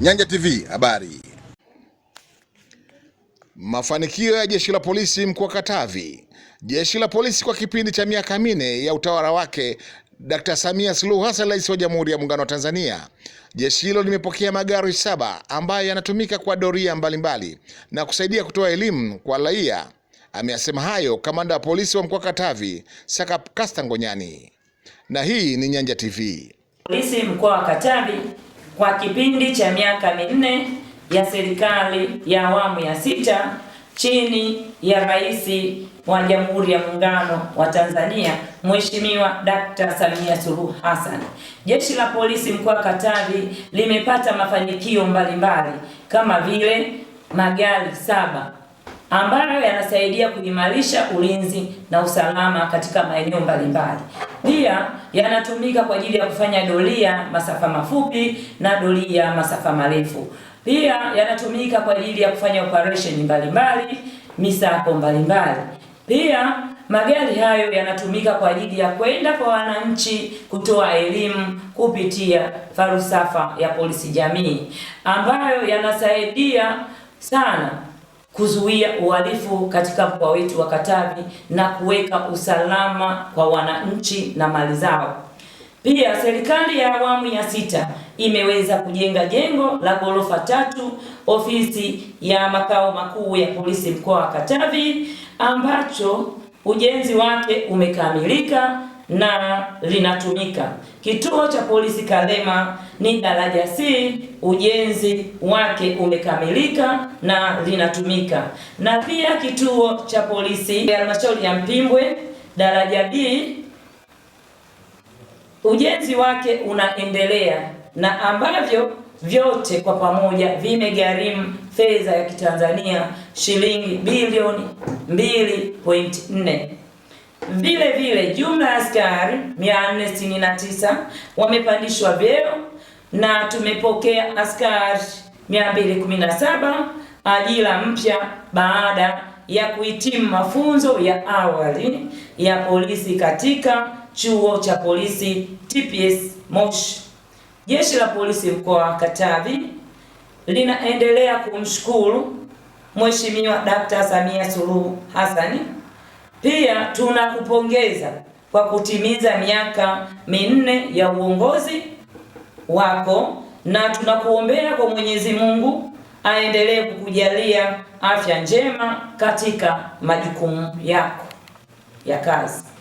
Nyanja TV habari. Mafanikio ya jeshi la polisi mkoa Katavi. Jeshi la polisi kwa kipindi cha miaka minne ya utawala wake Dkt. Samia Suluhu Hassan, Rais wa Jamhuri ya Muungano wa Tanzania, jeshi hilo limepokea magari saba ambayo yanatumika kwa doria mbalimbali mbali, na kusaidia kutoa elimu kwa raia. Ameyasema hayo kamanda wa polisi wa mkoa Katavi Sakap Kasta Ngonyani, na hii ni Nyanja TV. Polisi mkoa wa Katavi kwa kipindi cha miaka minne ya serikali ya awamu ya sita chini ya Rais wa Jamhuri ya Muungano wa Tanzania Mheshimiwa Dkt. Samia Suluhu Hassan. Jeshi la Polisi mkoa wa Katavi limepata mafanikio mbalimbali kama vile magari saba ambayo yanasaidia kuimarisha ulinzi na usalama katika maeneo mbalimbali. Pia yanatumika kwa ajili ya kufanya doria masafa mafupi na doria masafa marefu. Pia yanatumika kwa ajili ya kufanya operesheni mbalimbali, misako mbalimbali. Pia magari hayo yanatumika kwa ajili ya kwenda kwa wananchi kutoa elimu kupitia falsafa ya polisi jamii ambayo yanasaidia sana kuzuia uhalifu katika mkoa wetu wa Katavi na kuweka usalama kwa wananchi na mali zao. Pia serikali ya awamu ya sita imeweza kujenga jengo la ghorofa tatu, ofisi ya makao makuu ya polisi mkoa wa Katavi ambacho ujenzi wake umekamilika na linatumika. Kituo cha polisi Kalema ni daraja C, ujenzi wake umekamilika na linatumika. Na pia kituo cha polisi halmashauri ya Mpimbwe daraja B, ujenzi wake unaendelea na ambavyo vyote kwa pamoja vimegharimu fedha ya kitanzania shilingi bilioni 2.4. Vile vile jumla ya askari 469 wamepandishwa vyeo na tumepokea askari 217 ajira mpya baada ya kuhitimu mafunzo ya awali ya polisi katika chuo cha polisi TPS Moshi. Jeshi la polisi mkoa wa Katavi linaendelea kumshukuru Mheshimiwa Dkt. Samia Suluhu Hassan pia tunakupongeza kwa kutimiza miaka minne ya uongozi wako na tunakuombea kwa Mwenyezi Mungu aendelee kukujalia afya njema katika majukumu yako ya kazi.